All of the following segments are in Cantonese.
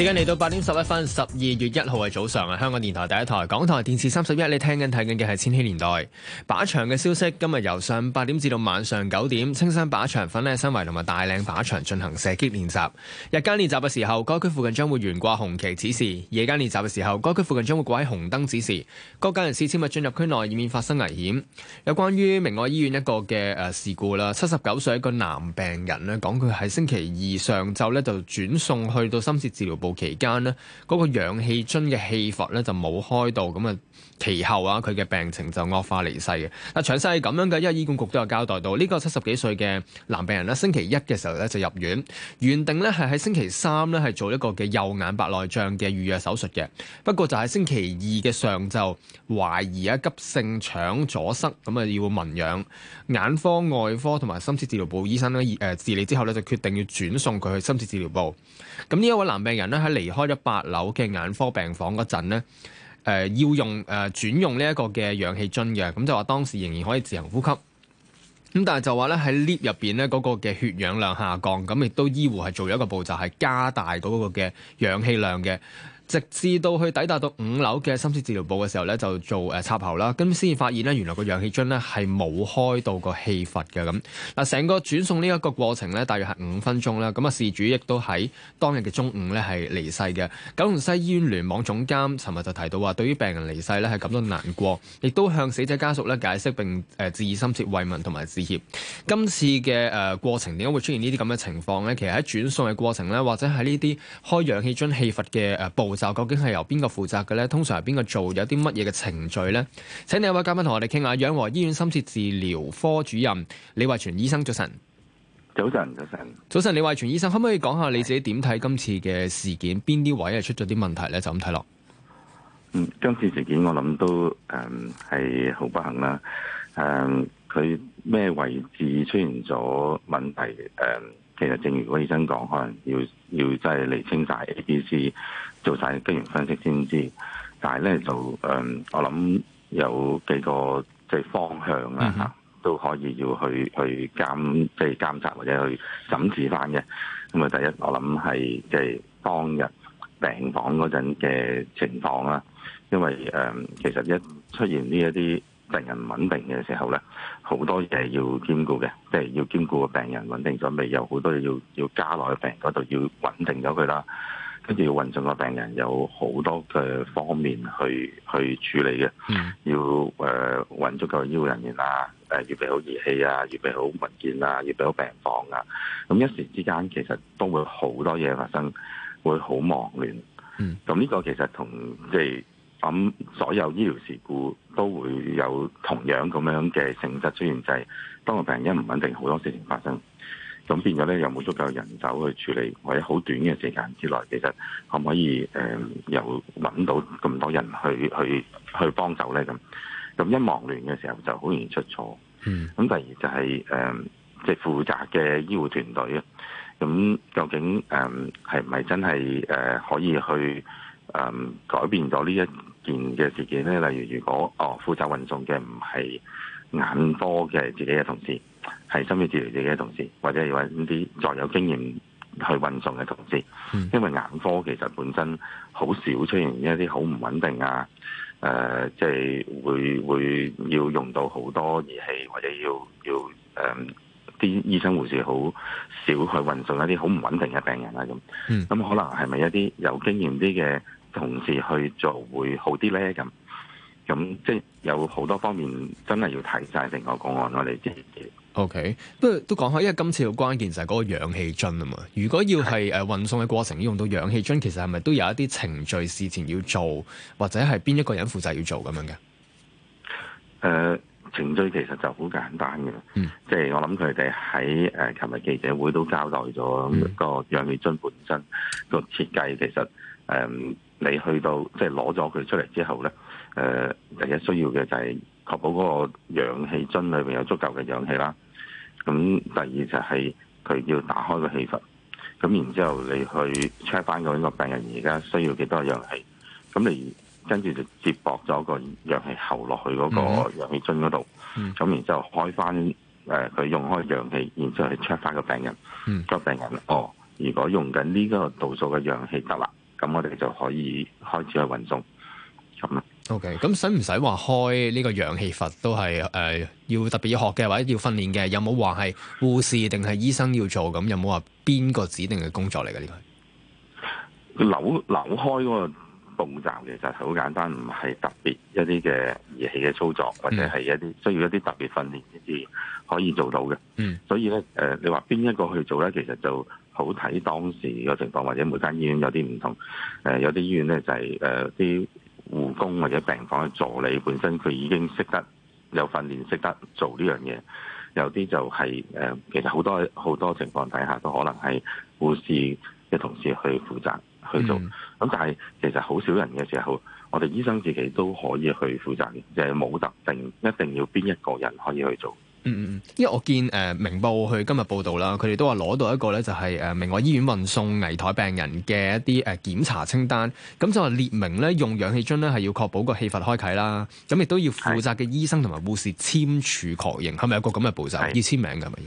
時間嚟到八點十一分，十二月一號係早上啊，香港電台第一台，港台電視三十一，你聽緊睇緊嘅係千禧年代靶場嘅消息。今日由上八點至到晚上九點，青山靶場、粉嶺新圍同埋大嶺靶，靶場進行射擊練習。日間練習嘅時候，該區附近將會懸掛紅旗指示；夜間練習嘅時候，該區附近將會掛喺紅燈指示。各界人士切勿進入區內，以免發生危險。有關於明愛醫院一個嘅誒事故啦，七十九歲一個男病人呢，講佢喺星期二上晝呢就轉送去到深切治療部。期間咧，嗰個氧氣樽嘅氣閥咧就冇開到，咁啊。其後啊，佢嘅病情就惡化離世嘅。嗱，詳細係咁樣嘅，因為醫管局都有交代到，呢個七十幾歲嘅男病人咧，星期一嘅時候咧就入院，原定咧係喺星期三咧係做一個嘅右眼白內障嘅預約手術嘅。不過就係星期二嘅上晝，懷疑啊急性腸阻塞，咁啊要文養眼科、外科同埋深切治療部醫生咧誒治理之後咧，就決定要轉送佢去深切治療部。咁呢一位男病人咧喺離開咗八樓嘅眼科病房嗰陣誒、呃、要用誒、呃、轉用呢一個嘅氧氣樽嘅，咁就話當時仍然可以自行呼吸，咁但係就話咧喺 lift 入邊咧嗰個嘅血氧量下降，咁亦都醫護係做咗一個步驟係加大嗰個嘅氧氣量嘅。直至到去抵達到五樓嘅深切治療部嘅時候呢就做誒插喉啦，咁先至發現呢原來個氧氣樽呢係冇開到個氣閥嘅咁。嗱，成個轉送呢一個過程呢，大約係五分鐘啦。咁啊，事主亦都喺當日嘅中午呢係離世嘅。九龍西醫院聯網總監尋日就提到話，對於病人離世呢係感到難過，亦都向死者家屬呢解釋並誒致以深切慰問同埋致歉。今次嘅誒過程點解會出現呢啲咁嘅情況呢？其實喺轉送嘅過程呢，或者喺呢啲開氧氣樽氣閥嘅誒步。究竟係由邊個負責嘅呢？通常係邊個做？有啲乜嘢嘅程序呢？請你有位嘉賓同我哋傾下，養和醫院深切治療科主任李衛全醫生，早晨。早晨，早晨。早晨，李衛全醫生，可唔可以講下你自己點睇今次嘅事件？邊啲位係出咗啲問題呢？就咁睇落。嗯，今次事件我諗都誒係好不幸啦。佢、嗯、咩位置出現咗問題、嗯？其實正如我醫生講，可能要要即係釐清曬 A、B、C。做晒經營分析先知，但係咧就誒、嗯，我諗有幾個即係、就是、方向啦、啊，都可以要去去監即係、就是、監察或者去審視翻嘅。咁、嗯、啊，第一我諗係即係當日病房嗰陣嘅情況啦、啊，因為誒、嗯、其實一出現呢一啲病人唔穩定嘅時候咧，好多嘢要兼顧嘅，即係要兼顧個病人穩定咗未，有好多嘢要要加落去病嗰度要穩定咗佢啦。跟住要運送個病人，有好多嘅方面去去處理嘅。Mm-hmm. 要誒、呃、運足個醫護人員啊，誒、呃、預備好儀器啊，預備好文件啊，預備好病房啊。咁一時之間，其實都會好多嘢發生，會好忙亂。咁、mm-hmm. 呢個其實同即係所有醫療事故都會有同樣咁樣嘅性質出現，就係、是、當個病人一唔穩定，好多事情發生。咁變咗咧，又冇足夠人手去處理，或者好短嘅時間之內，其實可唔可以誒、呃，又搵到咁多人去去去幫手咧？咁咁一忙亂嘅時候，就好容易出錯。嗯。咁第二就係、是、誒，即、呃、係、就是、負責嘅醫護團隊啊。咁究竟誒，係唔係真係誒、呃、可以去誒、呃、改變咗呢一件嘅事件咧？例如，如果哦負責運送嘅唔係眼科嘅自己嘅同事。係心理治療自己嘅同事，或者有呢啲再有經驗去運送嘅同事、嗯，因為眼科其實本身好少出現一啲好唔穩定啊，誒、呃、即、就、係、是、會會要用到好多儀器，或者要要誒啲、呃、醫生護士好少去運送一啲好唔穩定嘅病人啦、啊，咁，咁、嗯、可能係咪一啲有經驗啲嘅同事去做會好啲咧？咁，咁即係有好多方面真係要睇晒成個個案，我哋之 O、okay, K，不過都講開，因為今次嘅關鍵就係嗰個氧氣樽啊嘛。如果要係誒運送嘅過程要用到氧氣樽，其實係咪都有一啲程序事前要做，或者係邊一個人負責要做咁樣嘅？誒、呃，程序其實就好簡單嘅，即、嗯、係、就是、我諗佢哋喺誒琴日記者會都交代咗個氧氣樽本身個設計，其實誒、呃、你去到即係攞咗佢出嚟之後咧，誒第一需要嘅就係、是。確保嗰個氧氣樽裏邊有足夠嘅氧氣啦。咁第二就係佢要打開個氣閥，咁然之後你去 check 翻個呢個病人而家需要幾多個氧氣。咁你跟住就接駁咗個氧氣喉落去嗰個氧氣樽嗰度。咁然之後開翻誒佢用開氧氣，然之後去 check 翻個病人，個病人哦，如果用緊呢個度數嘅氧氣得啦，咁我哋就可以開始去運送咁。O.K. 咁使唔使話開呢個氧氣閥都係誒、呃，要特別要學嘅，或者要訓練嘅？有冇話係護士定係醫生要做？咁有冇話邊個指定嘅工作嚟嘅呢個？扭扭開嗰個步驟其實係好簡單，唔係特別一啲嘅儀器嘅操作或者係一啲、嗯、需要一啲特別訓練先至可以做到嘅。嗯，所以咧誒、呃，你話邊一個去做咧，其實就好睇當時嘅情況或者每間醫院有啲唔同。誒、呃，有啲醫院咧就係誒啲。呃護工或者病房嘅助理本身佢已經識得有訓練識得做呢樣嘢，有啲就係、誒，其實好多好多情況底下都可能係護士嘅同事去負責去做，咁但係其實好少人嘅時候，我哋醫生自己都可以去負責，即係冇特定一定要邊一個人可以去做。嗯嗯嗯，因為我見誒明報去今日報道啦，佢哋都話攞到一個咧就係誒明愛醫院運送危殆病人嘅一啲誒檢查清單，咁就列明咧用氧氣樽咧係要確保個氣閥開啟啦，咁亦都要負責嘅醫生同埋護士簽署確認，係咪有個咁嘅步驟係？要簽名嘅係咪？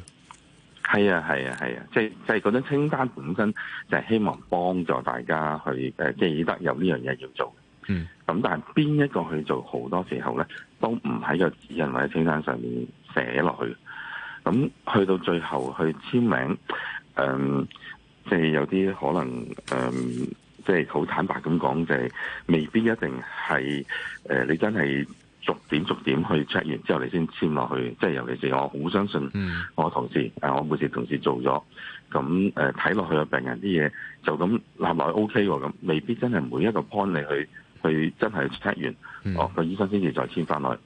係啊係啊係啊，即係即係嗰張清單本身就係希望幫助大家去誒記得有呢樣嘢要做的。嗯，咁但係邊一個去做好多時候咧都唔喺個指引或者清單上面。寫落去，咁去到最後去簽名，嗯，即係有啲可能，嗯，即係好坦白咁講，就係未必一定係，誒，你真係逐點逐點去 check 完之後，你先簽落去，即係尤其是我好相信我，mm. 我同事，誒，我每次同事做咗，咁誒睇落去嘅病人啲嘢就咁立落去 OK 喎，咁未必真係每一個 point 你去去真係 check 完，哦、mm. 個醫生先至再簽翻落去。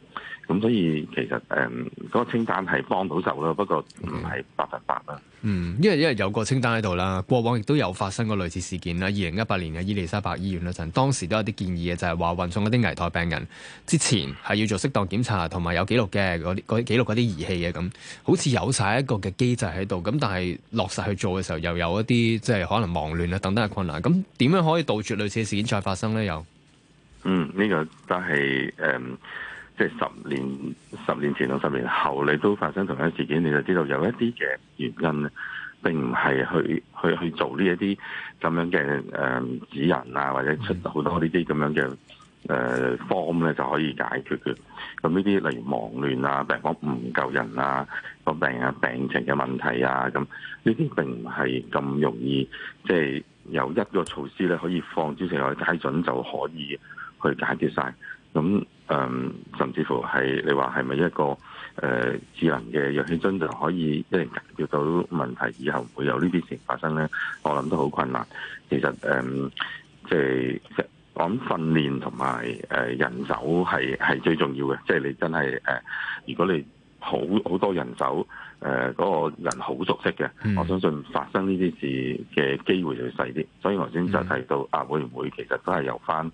咁、嗯、所以其實誒嗰、嗯那個清單係幫到手咯，不過唔係百分百啦。嗯，因為因為有個清單喺度啦，過往亦都有發生過類似事件啦。二零一八年嘅伊利沙伯醫院嗰陣，當時都有啲建議嘅，就係、是、話運送嗰啲危殆病人之前係要做適當檢查，同埋有記錄嘅嗰啲啲嗰啲儀器嘅咁，好似有晒一個嘅機制喺度。咁但係落實去做嘅時候，又有一啲即係可能忙亂啊等等嘅困難。咁點樣可以杜絕類似嘅事件再發生咧？又嗯，呢、這個都係即係十年、十年前同十年後，你都發生同樣事件，你就知道有一啲嘅原因咧，並唔係去去去做呢一啲咁樣嘅誒、呃、指引啊，或者出好多呢啲咁樣嘅誒 form 咧就可以解決嘅。咁呢啲例如忙亂啊、病房唔夠人啊、個病啊病情嘅問題啊，咁呢啲並唔係咁容易，即、就、係、是、有一個措施咧可以放諸四海皆準就可以去解決晒。咁。誒、嗯，甚至乎係你話係咪一個誒、呃、智能嘅氧氣樽就可以即係解決到問題？以後唔會有呢啲事情發生咧，我諗都好困難。其實誒，即係我諗訓練同埋誒人手係係最重要嘅。即、就、係、是、你真係誒、呃，如果你好好多人手。誒、呃、嗰、那個人好熟悉嘅、嗯，我相信發生呢啲事嘅機會就會細啲。所以頭先就提到、嗯、啊，會唔會其實都係由翻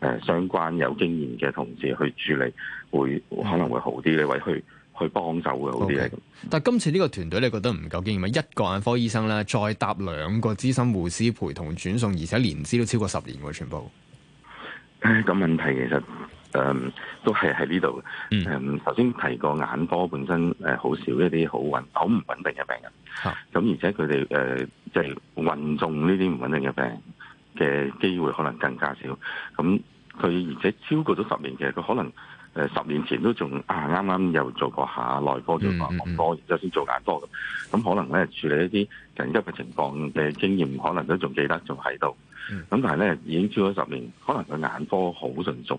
誒相關有經驗嘅同事去處理，會可能會好啲你、嗯、會去去幫手會好啲、okay, 但係今次呢個團隊你覺得唔夠經驗啊？一個眼科醫生咧，再搭兩個資深護師陪同轉送，而且年資都超過十年喎，全部。誒、呃，咁問題其實～嗯，都係喺呢度。嗯，頭先提過眼科本身好少一啲好穩、好唔穩定嘅病人。咁、啊、而且佢哋誒即係運重呢啲唔穩定嘅病嘅機會可能更加少。咁、嗯、佢而且超過咗十年嘅，佢可能、呃、十年前都仲啊啱啱又做過下內科，做過眼科，然之後先做眼科。咁可能咧處理一啲緊急嘅情況嘅經驗，可能都仲記得，仲喺度。咁、嗯、但係咧，已經超咗十年，可能佢眼科好純熟，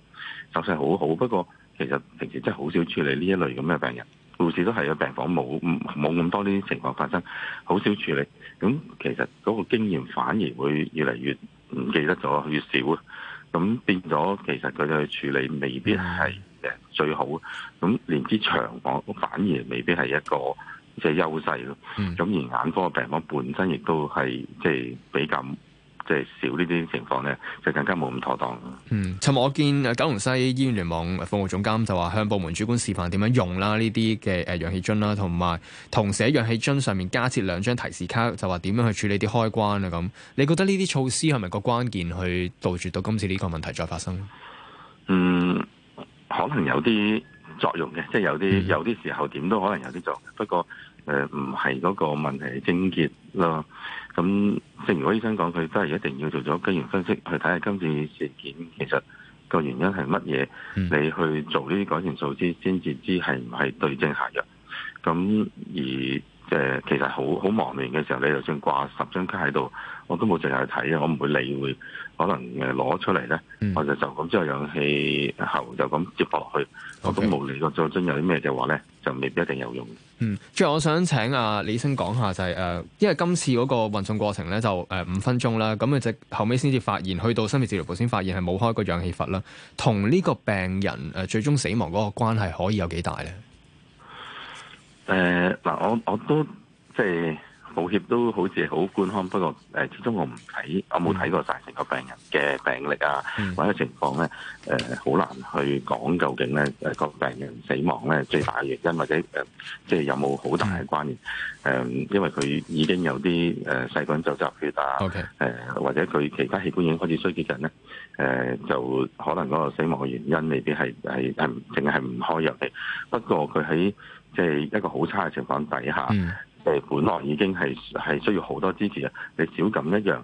手勢好好。不過其實平時真係好少處理呢一類咁嘅病人，護士都係有病房冇冇咁多呢啲情況發生，好少處理。咁其實嗰個經驗反而會越嚟越唔記得咗，越少啊。咁變咗，其實佢哋去處理未必係最好。咁年資長，我反而未必係一個即係優勢咯。咁、嗯、而眼科病房本身亦都係即係比較。即係少呢啲情況呢，就更加冇咁妥當。嗯，尋日我見九龍西醫院聯網服務總監就話向部門主管示範點樣用啦呢啲嘅氧氣樽啦，同埋同時喺氧氣樽上面加設兩張提示卡，就話點樣去處理啲開關啊咁。你覺得呢啲措施係咪個關鍵去杜絕到今次呢個問題再發生？嗯，可能有啲作用嘅，即係有啲、嗯、有啲時候點都可能有啲作用。不過誒，唔係嗰個問題症結咯。咁正如我醫生講，佢都係一定要做咗基因分析，去睇下今次事件其實個原因係乜嘢。你去做呢啲改善措施，先至知係唔係對症下藥。咁而、呃、其實好好忙亂嘅時候，你就算掛十張卡喺度，我都冇淨係睇啊！我唔會理會，可能攞出嚟咧，我就就咁之後氧氣喉就咁接駁落去。Okay. 我咁無理個作真有啲咩嘅話咧，就未必一定有用。嗯，最後我想請阿、啊、李醫生講下就係、是、誒、呃，因為今次嗰個運送過程咧就誒五、呃、分鐘啦，咁啊即後尾先至發現，去到深切治療部先發現係冇開個氧氣閥啦，同呢個病人誒、呃、最終死亡嗰個關係可以有幾大咧？誒、呃、嗱，我我都即係。道歉，都好似好健康，不過誒，始、呃、終我唔睇，我冇睇過曬成個病人嘅病歷啊、嗯，或者情況咧誒，好、呃、難去講究竟咧誒，個、呃、病人死亡咧最大嘅原因或者誒、呃，即係有冇好大嘅關聯誒、嗯嗯？因為佢已經有啲誒細菌就入血啊，誒、okay. 呃、或者佢其他器官已經開始衰竭緊咧，誒、呃、就可能嗰個死亡嘅原因未必係係係淨係唔開藥嚟。不過佢喺即係一個好差嘅情況底下。嗯係本來已經係係需要好多支持啊！你少咁一樣，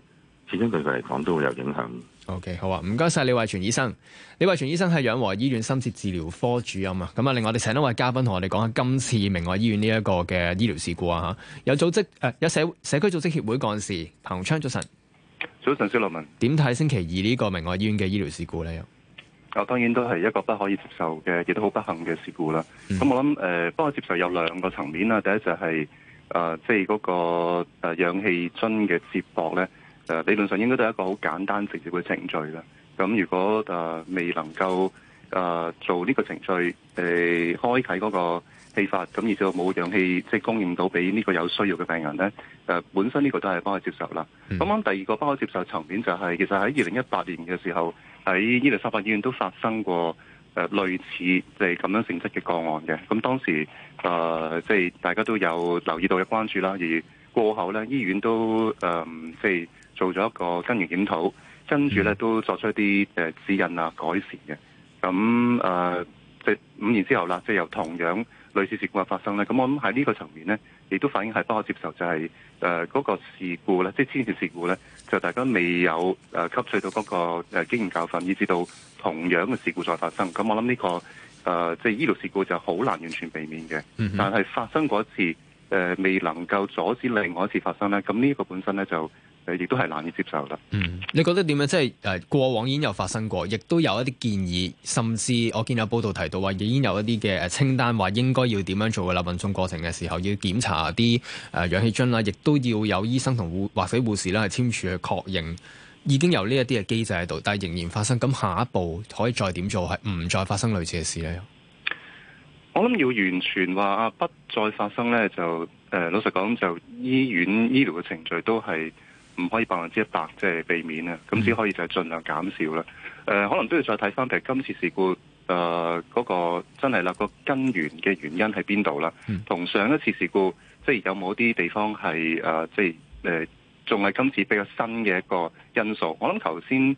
始終對佢嚟講都會有影響。OK，好啊！唔該晒李衛全醫生。李衛全醫生係養和醫院深切治療科主任啊！咁、嗯、啊，另外我哋請一位嘉賓同我哋講下今次明愛醫院呢一個嘅醫療事故啊！吓有組織誒、呃，有社社區組織協會幹事彭鴻昌早晨。早晨，小立文。點睇星期二呢個明愛醫院嘅醫療事故咧？又啊，當然都係一個不可以接受嘅，亦都好不幸嘅事故啦。咁、嗯、我諗誒、呃，不可接受有兩個層面啊。第一就係、是。誒、呃，即係嗰個氧氣樽嘅接駁咧，誒、呃、理論上應該都係一個好簡單直接嘅程序啦。咁如果誒、呃、未能夠誒、呃、做呢個程序，誒、呃、開啟嗰個氣閥，咁而就冇氧氣即係供應到俾呢個有需要嘅病人咧，誒、呃、本身呢個都係不可接受啦。咁、mm. 啱第二個不可接受層面就係、是，其實喺二零一八年嘅時候，喺伊利沙伯醫院都發生過。誒類似即係咁樣性質嘅個案嘅，咁當時誒即係大家都有留意到、嘅關注啦。而過後咧，醫院都誒即係做咗一個根源檢討，跟住咧都作出一啲誒指引啊改善嘅。咁誒即係五年之後啦，即係又同樣。類似事故嘅發生咧，咁我諗喺呢個層面咧，亦都反映係不可接受，就係誒嗰個事故咧，即係先前事故咧，就大家未有誒吸取到嗰個誒經驗教訓，以至到同樣嘅事故再發生。咁我諗呢、呢個誒即係醫療事故就好難完全避免嘅、嗯，但係發生過一次誒、呃，未能夠阻止另外一次發生咧。咁呢一個本身咧就。你哋都係難以接受啦。嗯，你覺得點樣？即係誒，過往已經有發生過，亦都有一啲建議，甚至我見有報道提到話，已經有一啲嘅誒清單，話應該要點樣做啦。運送過程嘅時候要檢查啲誒氧氣樽啦，亦都要有醫生同護或者護士啦簽署去確認，已經有呢一啲嘅機制喺度，但係仍然發生。咁下一步可以再點做，係唔再發生類似嘅事咧？我諗要完全話啊，不再發生咧，就誒老實講，就醫院醫療嘅程序都係。唔可以百分之一百即係、就是、避免咧，咁只可以就係盡量減少啦。誒、呃，可能都要再睇翻，譬如今次事故誒嗰、呃嗰個真係啦，個根源嘅原因喺邊度啦？同上一次事故即係有冇啲地方係誒、呃、即係誒仲係今次比較新嘅一個因素？我諗頭先誒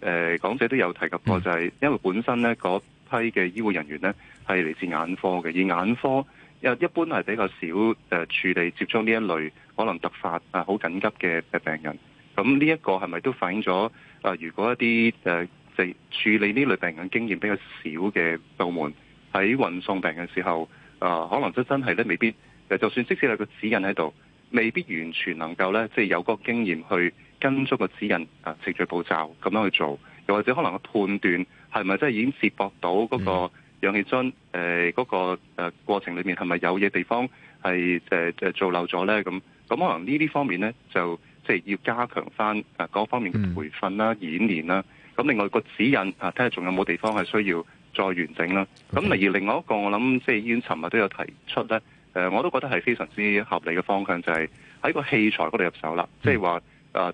誒講者都有提及過，就係、是、因為本身咧嗰批嘅醫護人員咧係嚟自眼科嘅，而眼科。又一般係比較少誒處理接觸呢一類可能突發啊好緊急嘅病人，咁呢一個係咪都反映咗啊？如果一啲誒即係處理呢類病人經驗比較少嘅部門喺運送病人嘅時候啊，可能就真真係咧未必誒，就算即使有個指引喺度，未必完全能夠咧即係有嗰個經驗去跟足個指引啊程序步驟咁樣去做，又或者可能個判斷係咪真係已經接駁到嗰、嗰個？嗯氧氣樽誒個個、呃、過程裏面係咪有嘢地方係、呃、做漏咗咧？咁咁可能呢啲方面咧，就即係、就是、要加強翻啊各方面嘅培訓啦、演練啦。咁、啊、另外一個指引啊，睇下仲有冇地方係需要再完整啦。咁、啊、而另外一個我諗，即係醫院尋日都有提出咧、呃。我都覺得係非常之合理嘅方向，就係、是、喺個器材嗰度入手啦。即係話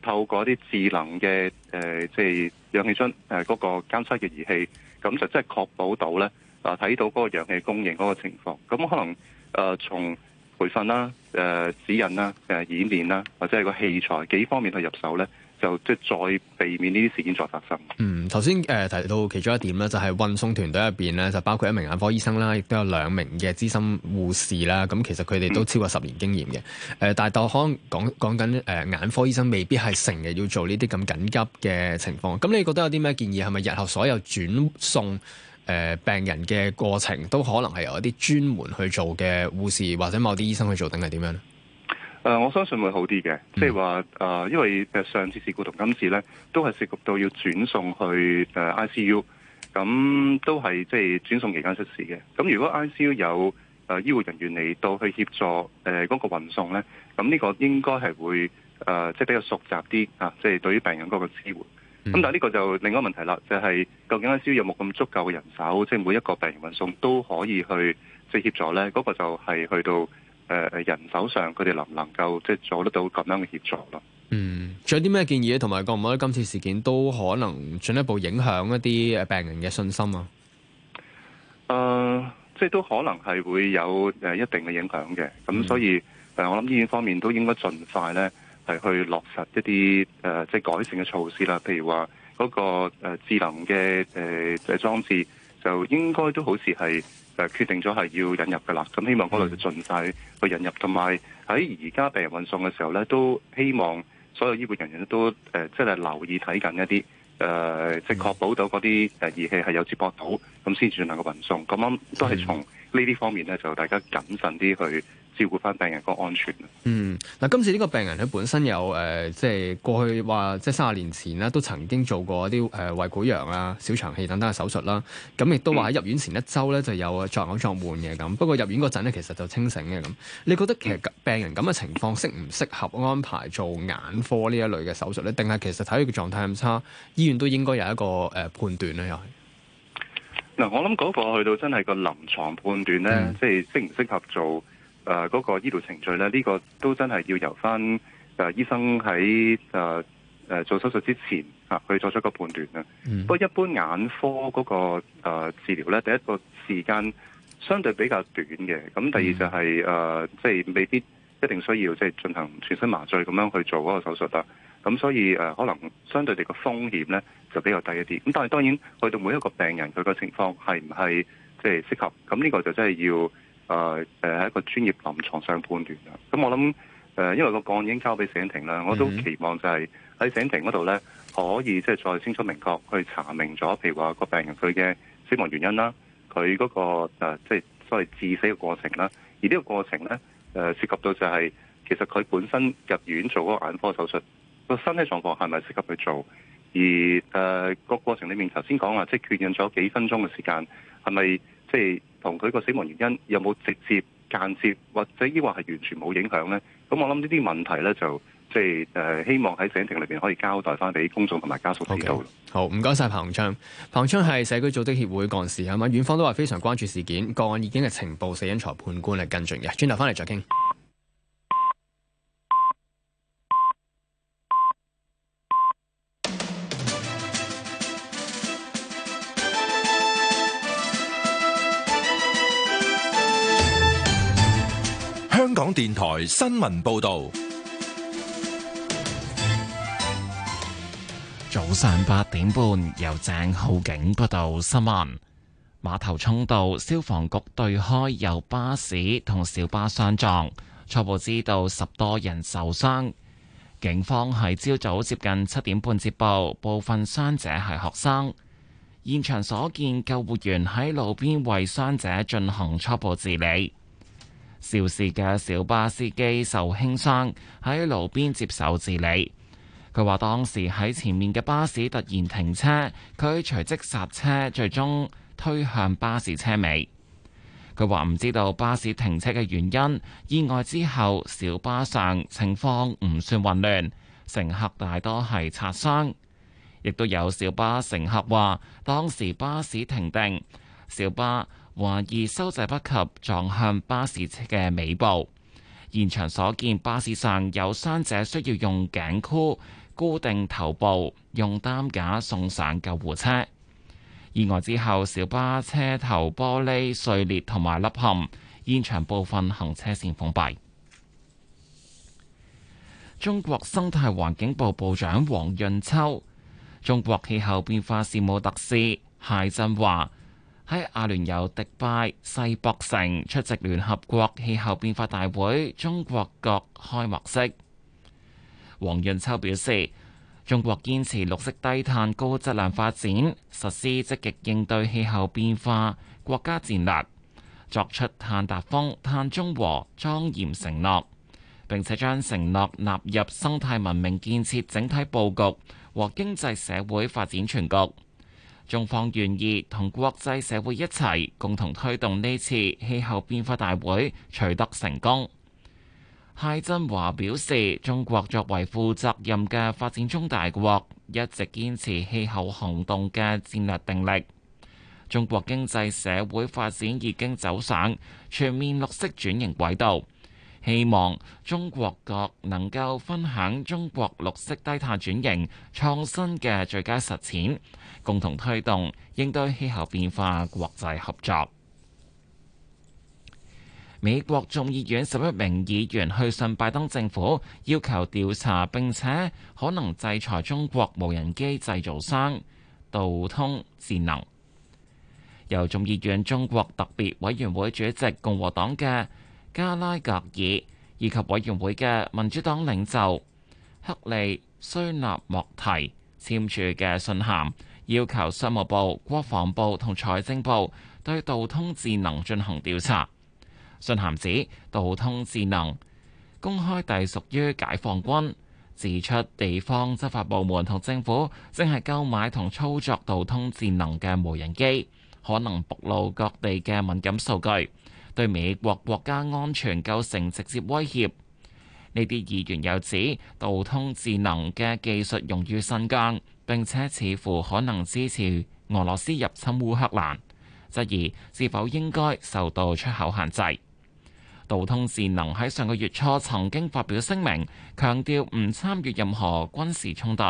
透過一啲智能嘅誒，即、呃、係、就是、氧氣樽嗰個監測嘅儀器，咁就即係確保到咧。啊！睇到嗰個氧氣供應嗰個情況，咁可能誒、呃、從培訓啦、誒、呃、指引啦、誒、呃、演練啦，或者係個器材幾方面去入手咧，就即係再避免呢啲事件再發生。嗯，頭先誒提到其中一點咧，就係、是、運送團隊入邊咧，就包括一名眼科醫生啦，亦都有兩名嘅資深護士啦。咁其實佢哋都超過十年經驗嘅。誒、嗯呃，但係康講講講緊眼科醫生未必係成日要做呢啲咁緊急嘅情況。咁你覺得有啲咩建議？係咪日後所有轉送？誒，病人嘅過程都可能係由一啲專門去做嘅護士或者某啲醫生去做，定係點樣咧？誒、呃，我相信會好啲嘅，即係話誒，因為誒上次事故同今次咧都係涉及到要轉送去誒 I C U，咁都係即係轉送期間出事嘅。咁如果 I C U 有誒、呃、醫護人員嚟到去協助誒嗰、呃，嗰個運送咧，咁呢個應該係會誒即係比較熟習啲啊，即係對於病人嗰個支援。咁、嗯、但係呢個就另一個問題啦，就係、是、究竟阿肖有冇咁足夠嘅人手，即係每一個病人運送都可以去即協助咧？嗰、那個就係去到誒誒、呃、人手上他們能能，佢哋能唔能夠即係做得到咁樣嘅協助咯？嗯，仲有啲咩建議咧？同埋，覺唔覺得今次事件都可能進一步影響一啲誒病人嘅信心啊？誒、呃，即係都可能係會有誒一定嘅影響嘅。咁、嗯、所以誒、呃，我諗醫院方面都應該盡快咧。係去落實一啲誒，即、呃、係、就是、改善嘅措施啦。譬如話嗰、那個、呃、智能嘅誒嘅裝置，就應該都好似係誒決定咗係要引入㗎啦。咁希望嗰度盡快去引入，同埋喺而家病人運送嘅時候咧，都希望所有醫護人員都誒、呃就是呃嗯，即係留意睇緊一啲誒，即係確保到嗰啲誒儀器係有接駁到，咁先至能夠運送。咁啱都係從呢啲方面咧，就大家謹慎啲去。照顧翻病人個安全。嗯，嗱，今次呢個病人佢本身有誒、呃就是，即係過去話即係三十年前咧都曾經做過一啲誒、呃、胃潰瘍啊、小腸氣等等嘅手術啦。咁亦都話喺入院前一周咧就有作嘔作悶嘅咁。不過入院嗰陣咧其實就清醒嘅咁。你覺得其實病人咁嘅情況適唔適合安排做眼科呢一類嘅手術咧？定係其實睇佢嘅狀態咁差，醫院都應該有一個誒、呃、判斷咧？又、嗯、嗱，我諗嗰個去到真係個臨床判斷咧，即、就、係、是、適唔適合做？誒、呃、嗰、那個醫療程序咧，呢、這個都真係要由翻誒、呃、醫生喺誒誒做手術之前、啊、去佢作出個個判斷。不過一般眼科嗰、那個、呃、治療咧，第一個時間相對比較短嘅，咁第二就係誒即係未必一定需要即係進行全身麻醉咁樣去做嗰個手術啦。咁所以誒、呃、可能相對地個風險咧就比較低一啲。咁但係當然，當然去到每一個病人佢個情況係唔係即係適合，咁呢個就真係要。誒、呃、誒，係、呃、一個專業臨床上判斷嘅，咁、嗯、我諗誒、呃，因為個案已經交俾死因庭啦，我都期望就係喺死因庭嗰度咧，可以即係再清楚明確去查明咗，譬如話個病人佢嘅死亡原因啦，佢嗰、那個、呃、即係所謂致死嘅過程啦，而呢個過程咧誒、呃、涉及到就係、是、其實佢本身入院做嗰個眼科手術個身體狀況係咪適合去做，而誒個、呃、過程裡面頭先講話即係缺氧咗幾分鐘嘅時間係咪？是即係同佢個死亡原因有冇直接、間接或者抑或係完全冇影響呢？咁我諗呢啲問題呢，就即、是、係、呃、希望喺庭庭裏邊可以交代翻俾公眾同埋家屬聽到。Okay. 好，唔該晒，彭鴻昌。彭鴻昌係社區組織協會幹事，係咪？院方都話非常關注事件，個案已經係呈報死因裁判官嚟跟進嘅。轉頭翻嚟再傾。香港電台新聞報道：早上八點半，由鄭浩景報道新聞。碼頭衝到消防局對開有巴士同小巴相撞，初步知道十多人受傷。警方係朝早接近七點半接報，部分傷者係學生。現場所見，救護員喺路邊為傷者進行初步治理。肇事嘅小巴司機受輕傷，喺路邊接受治理。佢話當時喺前面嘅巴士突然停車，佢隨即煞車，最終推向巴士車尾。佢話唔知道巴士停車嘅原因。意外之後，小巴上情況唔算混亂，乘客大多係擦傷。亦都有小巴乘客話，當時巴士停定，小巴，懷疑收制不及撞向巴士車嘅尾部，現場所見巴士上有傷者，需要用頸箍固定頭部，用擔架送上救護車。意外之後，小巴車頭玻璃碎裂同埋凹陷，現場部分行車線封閉。中國生態環境部部長黃潤秋、中國氣候變化事務特使解振華，喺阿聯酋迪拜世博城出席聯合國氣候變化大會中國國開幕式，黃潤秋表示：中國堅持綠色低碳高質量發展，實施積極應對氣候變化國家戰略，作出碳達峰、碳中和莊嚴承諾，並且將承諾納入生態文明建設整體佈局和經濟社會發展全局。中方願意同國際社會一齊共同推動呢次氣候變化大會取得成功。解振華表示，中國作為負責任嘅發展中大國，一直堅持氣候行動嘅戰略定力。中國經濟社會發展已經走上全面綠色轉型軌道，希望中國各能夠分享中國綠色低碳轉型創新嘅最佳實踐。共同推動應對氣候變化國際合作。美國眾議院十一名議員去信拜登政府，要求調查並且可能制裁中國無人機製造商道通智能。由眾議院中國特別委員會主席共和黨嘅加拉格爾以及委員會嘅民主黨領袖克利蘇納莫提簽署嘅信函。要求商務部、國防部同財政部對道通智能進行調查。信函指道通智能公開隸屬於解放軍，指出地方執法部門同政府正係購買同操作道通智能嘅無人機，可能暴露各地嘅敏感數據，對美國國家安全構成直接威脅。呢啲議員又指道通智能嘅技術用於新疆。並且似乎可能支持俄羅斯入侵烏克蘭，質疑是否應該受到出口限制。道通智能喺上個月初曾經發表聲明，強調唔參與任何軍事衝突，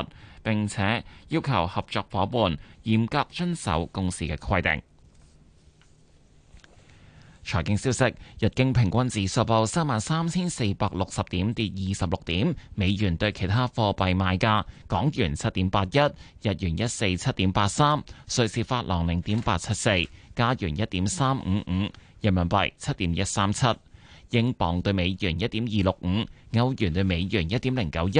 並且要求合作伙伴嚴格遵守公司嘅規定。財經消息：日經平均指數報三萬三千四百六十點，跌二十六點。美元對其他貨幣賣價：港元七點八一，日元一四七點八三，瑞士法郎零點八七四，加元一點三五五，人民幣七點一三七，英鎊對美元一點二六五，歐元對美元一點零九一，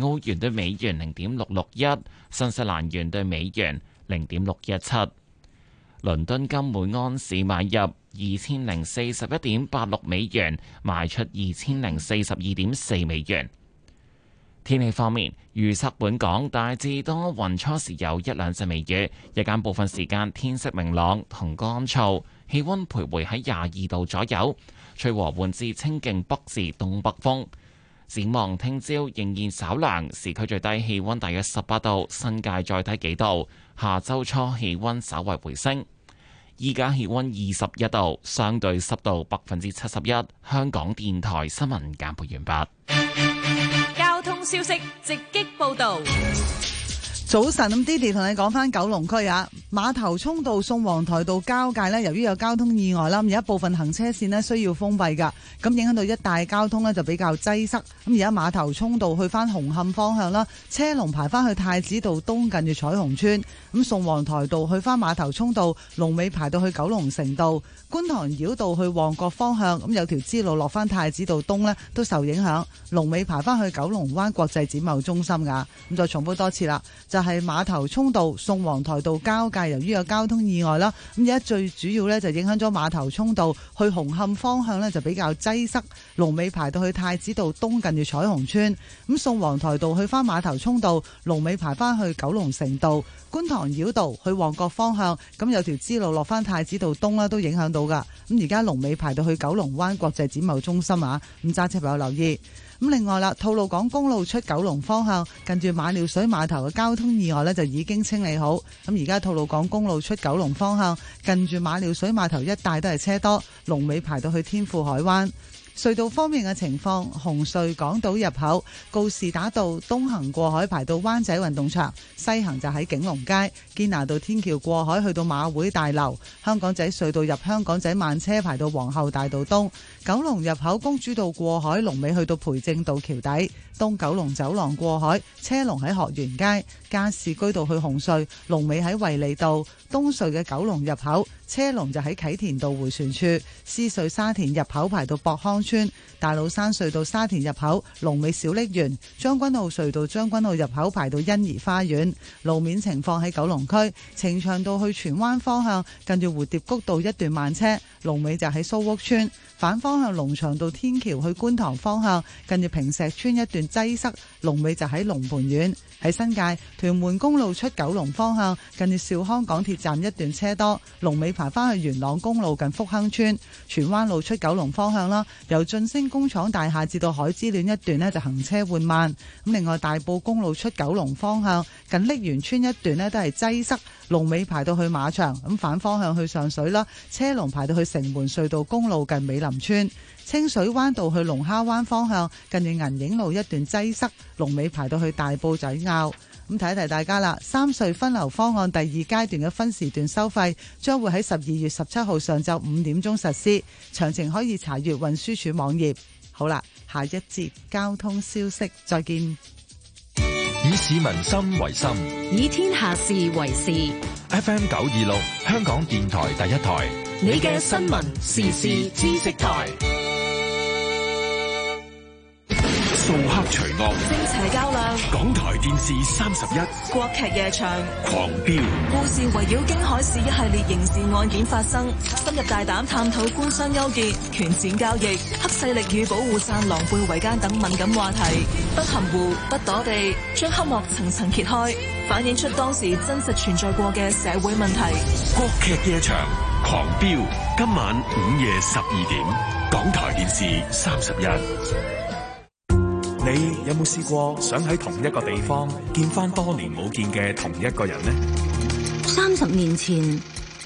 澳元對美元零點六六一，新西蘭元對美元零點六一七。倫敦金每安士買入二千零四十一點八六美元，賣出二千零四十二點四美元。天氣方面，預測本港大致多雲，初時有一兩陣微雨，日間部分時間天色明朗同乾燥，氣温徘徊喺廿二度左右，吹和緩至清勁北至東北風。展望聽朝仍然稍涼，市區最低氣温大約十八度，新界再低幾度。下周初氣温稍為回升。依家氣溫二十一度，相對濕度百分之七十一。香港電台新聞簡報完畢。交通消息直擊報道。早晨，咁 Didi 同你講翻九龍區啊，馬頭涌道宋皇台道交界呢，由於有交通意外啦，有一部分行車線呢需要封閉噶，咁影響到一帶交通呢就比較擠塞。咁而家馬頭涌道去翻紅磡方向啦，車龍排翻去太子道東近住彩虹邨；咁宋皇台道去翻馬頭涌道，龍尾排到去九龍城道，觀塘繞道去旺角方向，咁有條支路落翻太子道東呢都受影響，龍尾排翻去九龍灣國際展貿中心噶。咁再重複多次啦，係馬頭涌道、宋皇台道交界，由於有交通意外啦，咁而家最主要咧就影響咗馬頭涌道去紅磡方向咧就比較擠塞，龍尾排到去太子道東近住彩虹村，咁宋皇台道去返馬頭涌道，龍尾排返去九龍城道。觀塘繞道去旺角方向，咁有條支路落翻太子道東啦，都影響到噶。咁而家龍尾排到去九龍灣國際展貿中心啊，咁揸車朋友留意。咁另外啦，吐露港公路出九龍方向，近住馬料水碼頭嘅交通意外呢，就已經清理好。咁而家吐露港公路出九龍方向，近住馬料水碼頭一帶都係車多，龍尾排到去天富海灣。隧道方面嘅情況，紅隧港島入口告士打道東行過海排到灣仔運動場，西行就喺景隆街堅拿道天橋過海去到馬會大樓，香港仔隧道入香港仔慢車排到皇后大道東，九龍入口，公主道過海龍尾去到培正道橋底，東九龍走廊過海車龍喺學園街，加士居道去紅隧，龍尾喺惠利道。東隧嘅九龍入口車龍就喺啟田道回旋處，獅隧沙田入口排到博康。村大老山隧道沙田入口龍尾小瀝源，將軍澳隧道將軍澳入口排到欣怡花園。路面情況，喺九龍區呈祥道去荃灣方向，跟住蝴蝶谷道一段慢車龍尾就喺蘇屋村。反方向龍翔道天橋去觀塘方向，跟住坪石邨一段擠塞龍尾就喺龍蟠苑。喺新界屯門公路出九龍方向，跟住兆康港鐵站一段車多龍尾排返去元朗公路近福亨村。荃灣路出九龍方向啦。由晉升工廠大廈至到海之戀一段呢，就行車緩慢，咁另外大埔公路出九龍方向近瀝源村一段呢，都係擠塞，龍尾排到去馬場，咁反方向去上水啦，車龍排到去城門隧道公路近美林村，清水灣道去龍蝦灣方向近住銀影路一段擠塞，龍尾排到去大埔仔坳。咁提提大家啦，三隧分流方案第二階段嘅分時段收費將會喺十二月十七號上晝五點鐘實施，詳情可以查閱運輸署網頁。好啦，下一節交通消息，再見。以市民心為心，以天下事為事。FM 九二六，香港電台第一台，你嘅新聞時事知識台。掃黑除惡，正邪較量。港台電視三十一，國劇夜場狂飆。故事圍繞京海市一系列刑事案件發生，深入大膽探討官商勾結、權錢交易、黑勢力與保護傘狼狽為奸等敏感話題，不含糊、不躲避將黑幕層層揭開，反映出當時真實存在過嘅社會問題。國劇夜場狂飆，今晚午夜十二點，港台電視三十一。你有冇試過想喺同一個地方見翻多年冇見嘅同一個人呢？三十年前，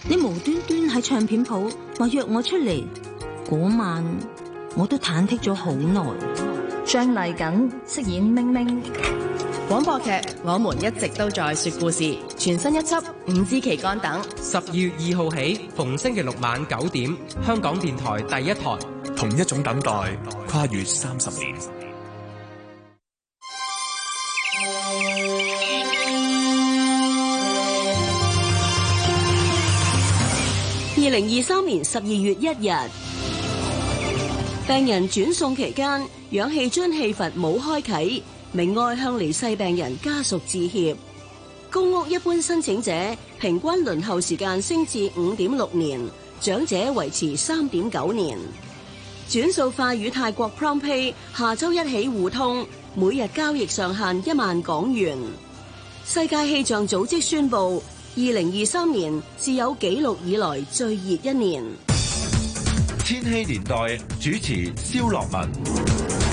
你無端端喺唱片鋪話約我出嚟，嗰晚我都忐忑咗好耐。張麗瑾、飾演明明，廣播劇《我們一直都在說故事》全新一輯《五支旗杆等》，十二月二號起逢星期六晚九點，香港電台第一台。同一種等待，跨越三十年。二零二三年十二月一日，病人轉送期間，氧氣樽氣閥冇開啟，明愛向離世病人家屬致歉。公屋一般申請者平均輪候時間升至五點六年，長者維持三點九年。轉數快與泰國 PromptPay 下周一起互通，每日交易上限一萬港元。世界氣象組織宣布。二零二三年自有紀錄以來最熱一年。千禧年代主持蕭樂文。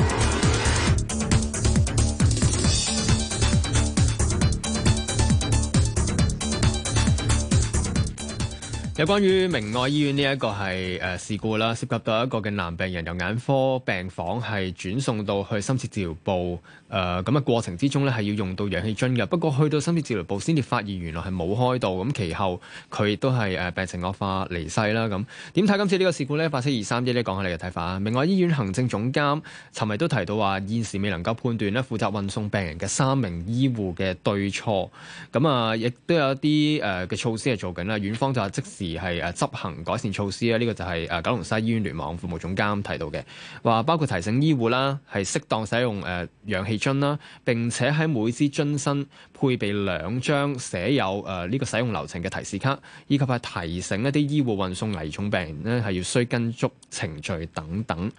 關於明愛醫院呢一個係誒事故啦，涉及到一個嘅男病人由眼科病房係轉送到去深切治療部誒咁嘅過程之中咧，係要用到氧氣樽嘅。不過去到深切治療部先至發現，原來係冇開到。咁其後佢亦都係誒病情惡化離世啦。咁點睇今次呢個事故咧？八七二三姐咧講下你嘅睇法啊。明愛醫院行政總監尋日都提到話，現時未能夠判斷咧負責運送病人嘅三名醫護嘅對錯。咁啊，亦都有一啲誒嘅措施係做緊啦。院方就係即時。而係誒執行改善措施啦，呢個就係誒九龍西醫院聯網服務總監提到嘅，話包括提醒醫護啦，係適當使用誒氧氣樽啦，並且喺每支樽身配備兩張寫有誒呢個使用流程嘅提示卡，以及係提醒一啲醫護運送危重病人咧係要須跟足程序等等。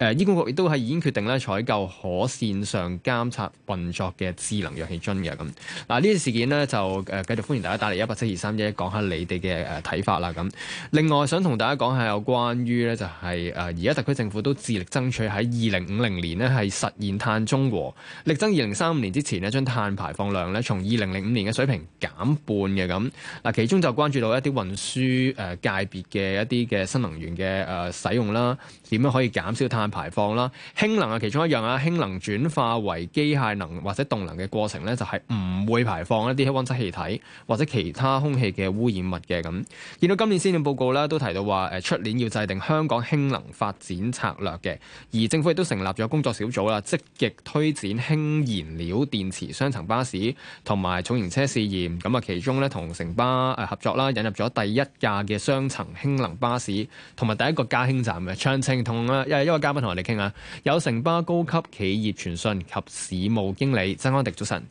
誒醫管局亦都係已經決定咧採購可線上監測運作嘅智能氧氣樽嘅咁。嗱呢次事件咧就誒繼續歡迎大家打嚟一八七二三一，講下你哋嘅誒睇法啦咁。另外想同大家講下有關於呢就係誒而家特區政府都致力爭取喺二零五零年呢係實現碳中和，力爭二零三五年之前咧將碳排放量咧從二零零五年嘅水平減半嘅咁。嗱、啊、其中就關注到一啲運輸誒界別嘅一啲嘅新能源嘅誒使用啦，點樣可以減少碳排放啦，氫能啊，其中一樣啊，氫能轉化為機械能或者動能嘅過程咧，就係唔會排放一啲溫室氣體或者其他空氣嘅污染物嘅咁。見到今年施政報告咧，都提到話誒出年要制定香港氫能發展策略嘅，而政府亦都成立咗工作小組啦，積極推展氫燃料電池雙層巴士同埋重型車試驗，咁啊，其中咧同城巴誒合作啦，引入咗第一架嘅雙層氫能巴士同埋第一個加氫站嘅。昌清同啊，因為因為嘉同我哋傾下，有城巴高級企業傳訊及市務經理曾安迪，早晨，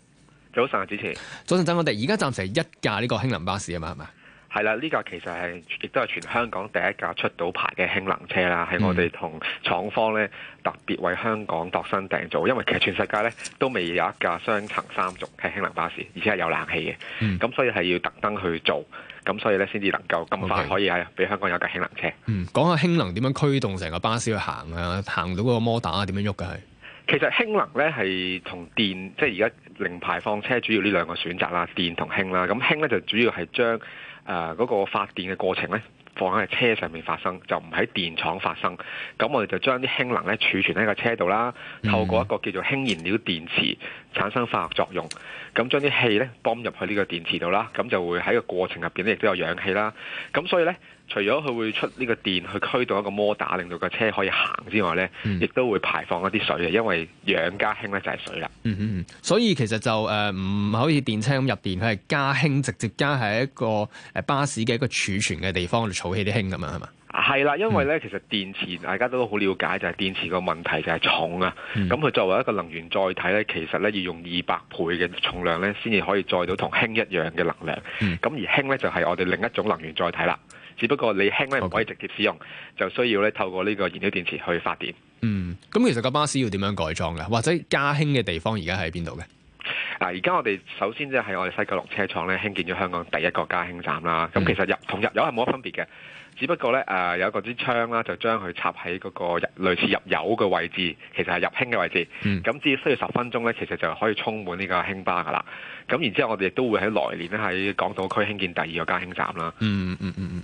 早晨啊，主持，早晨，曾安迪，而家暫時係一架呢個氫能巴士啊嘛，係咪？係啦，呢架其實係亦都係全香港第一架出到牌嘅氫能車啦，係我哋同廠方咧特別為香港度身訂造，因為其實全世界咧都未有一架雙層三軸係氫能巴士，而且係有冷氣嘅，咁、嗯、所以係要特登去做。咁所以咧，先至能夠咁快可以喺俾、Okay. 香港有架氫能車。嗯，講下氫能點樣驅動成個巴士去行啊？行到嗰個摩打點樣喐㗎？係？其實氫能咧係同電，即係而家零排放車主要呢兩個選擇啦，電同氫啦。咁氫咧就主要係將嗰個發電嘅過程咧。放喺個車上面發生，就唔喺電廠發生。咁我哋就將啲氫能咧儲存喺個車度啦，透過一個叫做氫燃料電池產生化學作用。咁將啲氣咧泵入去呢個電池度啦，咁就會喺個過程入邊咧亦都有氧氣啦。咁所以咧。除咗佢會出呢個電去驅動一個摩打，令到個車可以行之外呢亦都會排放一啲水嘅，因為氧加氫呢，就係水啦。嗯嗯嗯。所以其實就誒唔好似電車咁入電，佢係加氫直接加喺一個巴士嘅一個儲存嘅地方度儲起啲氫咁啊，係嘛？係啦，因為呢，其實電池大家都好了解，就係、是、電池個問題就係重啊。咁、嗯、佢作為一個能源載體呢，其實呢要用二百倍嘅重量呢，先至可以載到同氫一樣嘅能量。咁、嗯、而氫呢，就係、是、我哋另一種能源載體啦。只不過你輕咧唔可以直接使用，okay. 就需要咧透過呢個燃料電池去發電。嗯，咁其實個巴士要點樣改裝嘅，或者加氫嘅地方而家喺邊度嘅？嗱，而家我哋首先即係我哋西九龍車廠咧興建咗香港第一個加氫站啦。咁其實日同日油係冇乜分別嘅。只不過咧，誒、呃、有一個支槍啦，就將佢插喺嗰個類似入油嘅位置，其實係入氫嘅位置。咁、嗯、只需要十分鐘咧，其實就可以充滿呢個氫巴噶啦。咁然之後，我哋亦都會喺來年咧喺港島區興建第二個加氫站啦。嗯嗯嗯嗯嗯、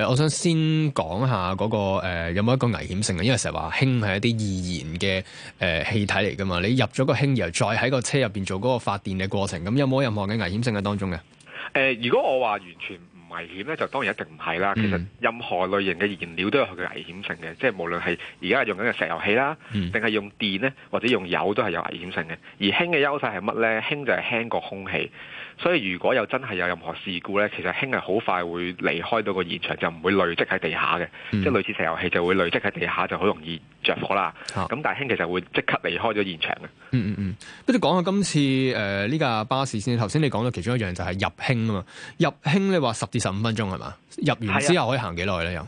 呃。我想先講下嗰、那個、呃、有冇一個危險性啊？因為成日話氫係一啲易燃嘅誒氣體嚟噶嘛。你入咗個氫，然後再喺個車入邊做嗰個發電嘅過程，咁有冇任何嘅危險性喺當中嘅？誒、呃，如果我話完全，危險咧就當然一定唔係啦。其實任何類型嘅燃料都有佢嘅危險性嘅，mm. 即係無論係而家用緊嘅石油氣啦，定、mm. 係用電咧，或者用油都係有危險性嘅。而氫嘅優勢係乜咧？氫就係輕過空氣。所以如果有真係有任何事故咧，其實氫係好快會離開到個現場，就唔會累積喺地下嘅、嗯，即係類似石油氣就會累積喺地下就好容易着火啦。咁、啊、但係氫其實會即刻離開咗現場嘅。嗯嗯嗯，不如講下今次誒呢架巴士先。頭先你講到其中一樣就係入氫啊嘛，入氫你話十至十五分鐘係嘛，入完之後可以行幾耐咧又？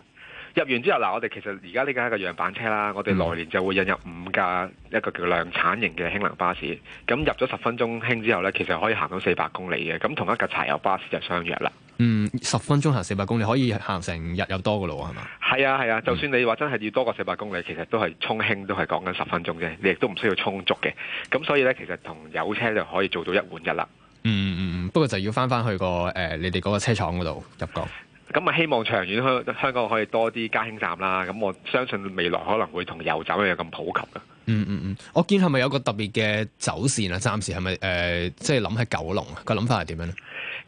入完之後，嗱，我哋其實而家呢架係個樣板車啦。我哋來年就會引入五架一個叫量產型嘅氫能巴士。咁入咗十分鐘氫之後呢，其實可以行到四百公里嘅。咁同一架柴油巴士就相約啦。嗯，十分鐘行四百公里可以行成日有多嘅咯，係嘛？係啊係啊，就算你話真係要多過四百公里，其實都係充氫都係講緊十分鐘啫。你亦都唔需要充足嘅。咁所以呢，其實同有車就可以做到一換一啦。嗯嗯嗯，不過就要翻翻去個誒、呃、你哋嗰個車廠嗰度入氫。咁啊，希望長遠香香港可以多啲加氫站啦。咁我相信未來可能會同油站一樣咁普及啦。嗯嗯嗯，我見係咪有個特別嘅走線啊？暫時係咪誒，即係諗喺九龍啊？個諗法係點樣咧？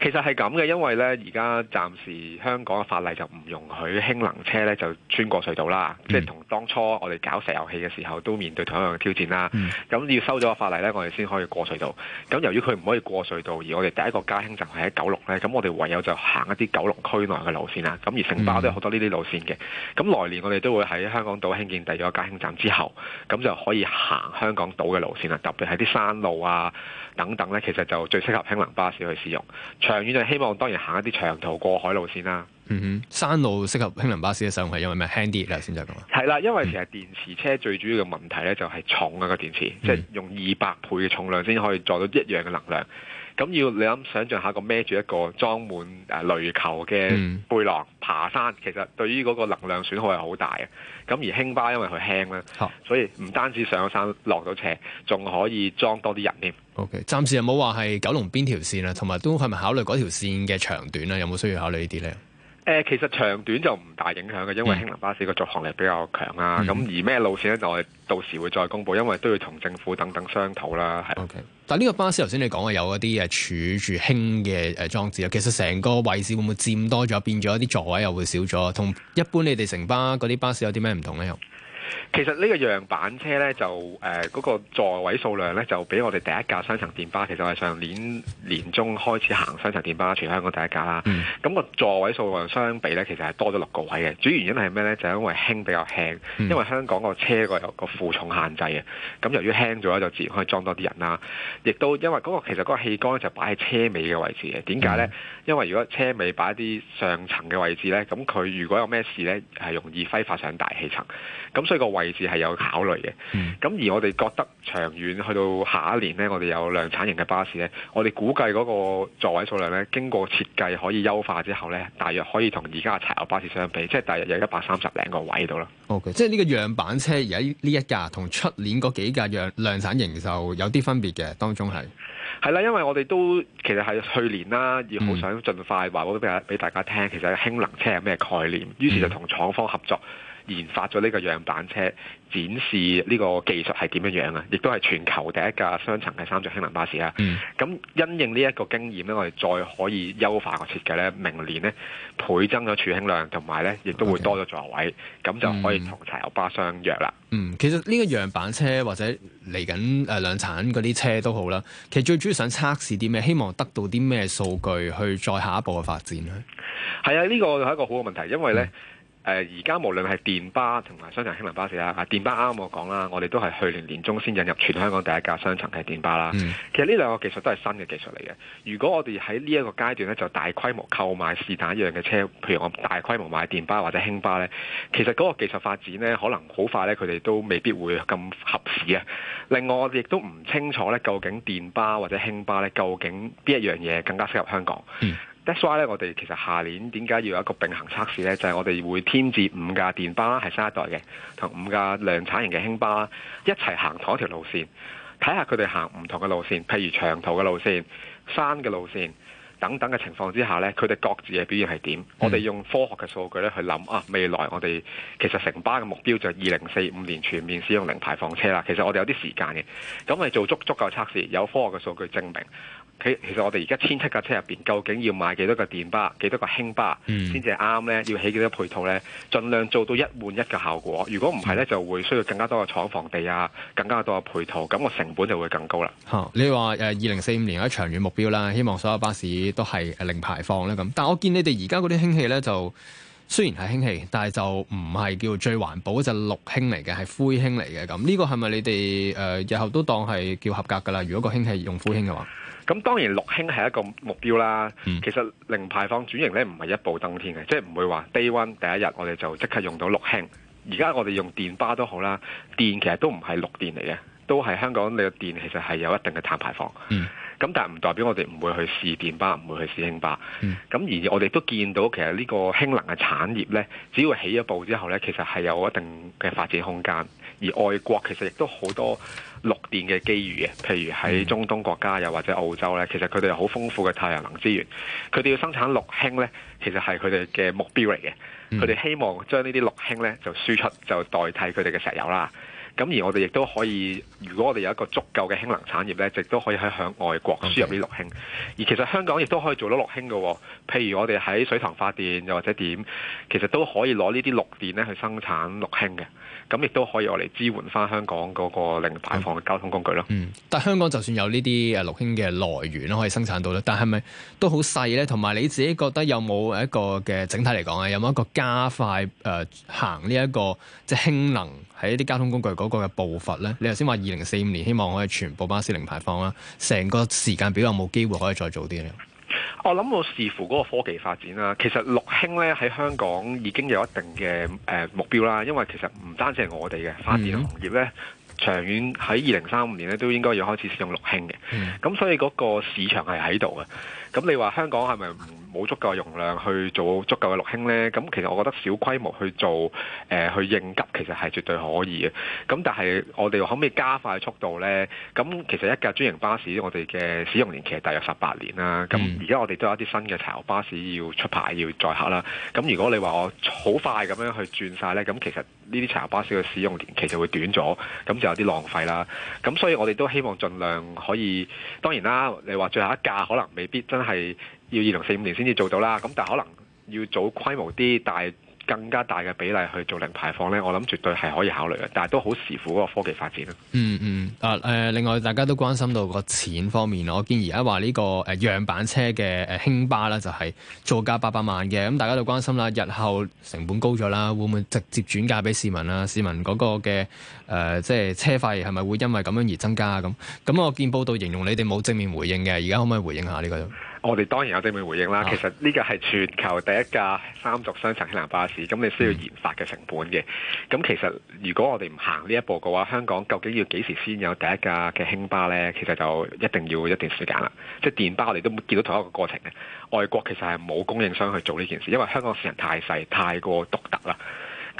其實係咁嘅，因為呢，而家暫時香港嘅法例就唔容許氫能車呢就穿過隧道啦。Mm. 即係同當初我哋搞石油氣嘅時候都面對同樣嘅挑戰啦。咁、mm. 嗯、要收咗個法例呢，我哋先可以過隧道。咁由於佢唔可以過隧道，而我哋第一個加氫站係喺九龍呢。咁我哋唯有就行一啲九龍區內嘅路線啦。咁而城巴都有好多呢啲路線嘅。咁來年我哋都會喺香港島興建第二個加氫站之後，咁就可以行香港島嘅路線啦。特別係啲山路啊。等等咧，其實就最適合輕能巴士去使用。長遠就希望當然行一啲長途過海路線啦，啊。嗯哼，山路適合輕能巴士嘅使用係因為咩？輕啲啦，先就咁啊。係啦，因為其實電池車最主要嘅問題咧就係重啊，個電池，即、嗯、係、就是、用二百倍嘅重量先可以載到一樣嘅能量。咁要你諗，想像下個孭住一個裝滿誒雷球嘅背囊、嗯、爬山，其實對於嗰個能量損耗係好大嘅。咁而輕巴因為佢輕啦、啊，所以唔單止上山落到斜，仲可以裝多啲人添。OK，暫時有冇話係九龍邊條線啊，同埋都係咪考慮嗰條線嘅長短啊？有冇需要考慮呢啲咧？誒，其實長短就唔大影響嘅，因為氫能巴士個續航力比較強啊。咁、嗯、而咩路線咧，就係到時會再公佈，因為都要同政府等等商討啦。係。Okay. 但係呢個巴士頭先你講嘅有一啲誒儲住氫嘅誒裝置啊，其實成個位置會唔會佔多咗，變咗一啲座位又會少咗，同一般你哋城巴嗰啲巴士有啲咩唔同咧？其實呢個樣板車呢，就誒嗰、呃那個座位數量呢，就比我哋第一架三層電巴，其實係上年年中開始行三層電巴，全香港第一架啦。咁、嗯，那個座位數量相比呢，其實係多咗六個位嘅。主要原因係咩呢？就因為輕，比較輕，因為香港個車個有個負重限制嘅。咁、嗯、由於輕咗就自然可以裝多啲人啦。亦都因為嗰、那個其實嗰個氣缸就擺喺車尾嘅位置嘅。點解呢？因為如果車尾擺一啲上層嘅位置呢，咁佢如果有咩事呢，係容易揮發上大氣層。咁所以。這個位置係有考慮嘅，咁、嗯、而我哋覺得長遠去到下一年呢，我哋有量產型嘅巴士呢，我哋估計嗰個座位數量咧，經過設計可以優化之後呢，大約可以同而家嘅柴油巴士相比，即係大約有一百三十零個位度啦。O、okay, K，即係呢個樣板車而喺呢一架同出年嗰幾架樣量產型就有啲分別嘅，當中係係啦，因為我哋都其實喺去年啦，要好想盡快話俾大家聽、嗯，其實輕能車係咩概念，於是就同廠方合作。研發咗呢個樣板車，展示呢個技術係點樣樣啊！亦都係全球第一架雙層嘅三座輕能巴士啦。咁、嗯、因應呢一個經驗咧，我哋再可以優化個設計咧。明年呢，倍增咗儲氫量，同埋咧亦都會多咗座位，咁、okay, 就可以同柴油巴相約啦、嗯。嗯，其實呢個樣板車或者嚟緊誒量產嗰啲車都好啦。其實最主要想測試啲咩？希望得到啲咩數據去再下一步嘅發展咧？係啊，呢、這個係一個好嘅問題，因為咧。嗯誒而家無論係電巴同埋雙層氫能巴士啦、啊，電巴啱啱我講啦，我哋都係去年年中先引入全香港第一架雙層嘅電巴啦。其實呢兩個技術都係新嘅技術嚟嘅。如果我哋喺呢一個階段咧，就大規模購買是但一樣嘅車，譬如我大規模買電巴或者氫巴咧，其實嗰個技術發展咧，可能好快咧，佢哋都未必會咁合時啊。另外我哋亦都唔清楚咧，究竟電巴或者氫巴咧，究竟邊一樣嘢更加適合香港？嗯 That's why 咧，我哋其實下年點解要有一個並行測試呢？就係、是、我哋會添置五架電巴係新一代嘅，同五架量產型嘅輕巴一齊行同一條路線，睇下佢哋行唔同嘅路線，譬如長途嘅路線、山嘅路線等等嘅情況之下呢，佢哋各自嘅表現係點？我哋用科學嘅數據咧去諗啊，未來我哋其實成巴嘅目標就係二零四五年全面使用零排放車啦。其實我哋有啲時間嘅，咁我哋做足足夠測試，有科學嘅數據證明。其實實，我哋而家千七架車入邊，究竟要買幾多個電巴、幾多個氫巴先至啱咧？要起幾多配套咧？盡量做到一換一嘅效果。如果唔係咧，就會需要更加多嘅廠房地啊，更加多嘅配套，咁個成本就會更高啦。嚇、嗯，你話誒二零四五年一啲長遠目標啦，希望所有巴士都係零排放啦咁，但我見你哋而家嗰啲氫氣咧，就雖然係氫氣，但係就唔係叫最環保，就係、綠氫嚟嘅，係灰氫嚟嘅。咁呢個係咪你哋日、呃、後都當係叫合格噶啦？如果個氫氣用灰氫嘅話？咁當然綠氫係一個目標啦、嗯。其實零排放轉型咧，唔係一步登天嘅，即係唔會話 day one 第一日我哋就即刻用到綠氫。而家我哋用電巴都好啦，電其實都唔係綠電嚟嘅，都係香港你嘅電其實係有一定嘅碳排放。咁、嗯、但係唔代表我哋唔會去試電巴，唔會去試氫巴。咁、嗯、而我哋都見到其實呢個氫能嘅產業呢，只要起咗步之後呢，其實係有一定嘅發展空間。而外國其實亦都好多綠電嘅機遇嘅，譬如喺中東國家又或者澳洲咧，其實佢哋有好豐富嘅太陽能資源，佢哋要生產綠氫咧，其實係佢哋嘅目標嚟嘅，佢哋希望將呢啲綠氫咧就輸出，就代替佢哋嘅石油啦。咁而我哋亦都可以，如果我哋有一個足夠嘅氫能產業咧，亦都可以喺向外國輸入啲綠氫。Okay. 而其實香港亦都可以做到綠氫嘅，譬如我哋喺水塘發電又或者點，其實都可以攞呢啲綠電咧去生產綠氫嘅。咁亦都可以攞嚟支援翻香港嗰個零排放嘅交通工具咯。嗯，但香港就算有呢啲誒綠氫嘅來源可以生產到啦，但係咪都好細咧？同埋你自己覺得有冇一個嘅整體嚟講，咧，有冇一個加快誒、呃、行呢、這、一個即係氫能？喺啲交通工具嗰個嘅步伐咧，你頭先話二零四五年希望可以全部巴士零排放啦，成個時間表有冇機會可以再做啲咧？我諗我視乎嗰個科技發展啦。其實綠氫咧喺香港已經有一定嘅誒目標啦，因為其實唔單止係我哋嘅發展行業咧，mm-hmm. 長遠喺二零三五年咧都應該要開始使用綠氫嘅。咁、mm-hmm. 所以嗰個市場係喺度嘅。咁你話香港係咪冇足夠容量去做足夠嘅陸輕呢？咁其實我覺得小規模去做、呃、去應急其實係絕對可以嘅。咁但係我哋可唔可以加快速度呢？咁其實一架專營巴士我哋嘅使用年期係大約十八年啦。咁而家我哋都有一啲新嘅柴油巴士要出牌要載客啦。咁如果你話我好快咁樣去轉晒呢，咁其實呢啲柴油巴士嘅使用年期就會短咗，咁就有啲浪費啦。咁所以我哋都希望儘量可以，當然啦，你話最後一架可能未必真。係要二零四五年先至做到啦，咁但係可能要早規模啲，但更大更加大嘅比例去做零排放呢，我諗絕對係可以考慮嘅，但係都好視乎嗰個科技發展。嗯嗯，啊誒，另外大家都關心到個錢方面，我見而家話呢個誒樣板車嘅誒輕巴啦，就係造價八百萬嘅，咁大家都關心啦，日後成本高咗啦，會唔會直接轉嫁俾市民啊？市民嗰個嘅誒、呃、即係車費係咪會因為咁樣而增加咁？咁我見報道形容你哋冇正面回應嘅，而家可唔可以回應一下呢、這個？我哋當然有正面回應啦。其實呢個係全球第一架三軸雙層氫能巴士，咁你需要研發嘅成本嘅。咁其實如果我哋唔行呢一步嘅話，香港究竟要幾時先有第一架嘅輕巴呢？其實就一定要一段時間啦。即係電巴，我哋都見到同一個過程嘅。外國其實係冇供應商去做呢件事，因為香港市場太細，太過獨特啦。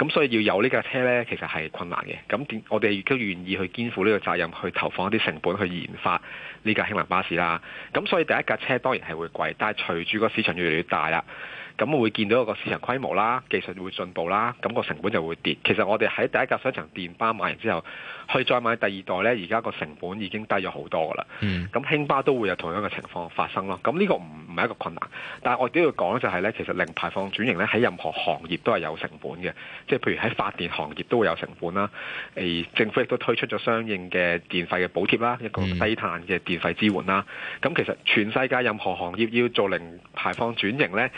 咁所以要有呢架車呢，其實係困難嘅。咁我哋亦都願意去肩負呢個責任，去投放一啲成本去研發呢架輕量巴士啦。咁所以第一架車當然係會貴，但係隨住個市場越嚟越大啦。咁會見到一個市場規模啦，技術會進步啦，咁個成本就會跌。其實我哋喺第一架雙層電巴買完之後，去再買第二代呢，而家個成本已經低咗好多噶啦。咁、mm. 輕巴都會有同樣嘅情況發生咯。咁呢個唔唔係一個困難，但我都要講就係呢，其實零排放轉型呢，喺任何行業都係有成本嘅，即係譬如喺發電行業都會有成本啦。欸、政府亦都推出咗相應嘅電費嘅補貼啦，一個低碳嘅電費支援啦。咁、mm. 其實全世界任何行業要做零排放轉型呢。